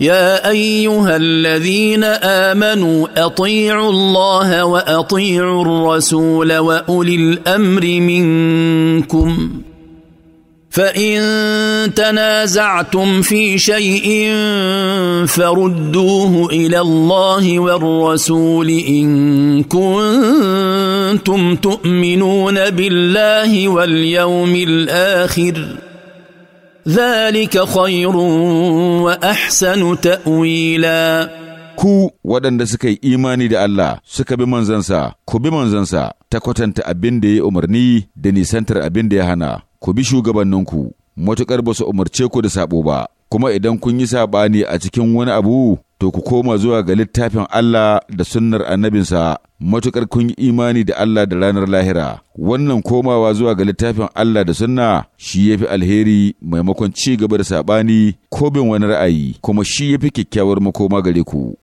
يا ايها الذين امنوا اطيعوا الله واطيعوا الرسول واولي الامر منكم فان تنازعتم في شيء فردوه الى الله والرسول ان كنتم تؤمنون بالله واليوم الاخر ذلك خير وأحسن تأويلا ku waɗanda suka yi imani da Allah suka bi manzansa, ku bi manzansa ta kwatanta abin da ya umarni da nisantar abin da ya hana, ku bi shugabanninku, matuƙar ba su umarce ku da saɓo ba, kuma idan kun yi saɓani a cikin wani abu to ku koma zuwa ga littafin Allah da sunnar annabinsa matuƙar kun yi imani da Allah da ranar lahira wannan komawa zuwa ga littafin Allah da sunna shi ya fi alheri maimakon ci gaba da saɓani ko bin wani ra'ayi kuma shi ya fi kyakkyawar makoma gare ku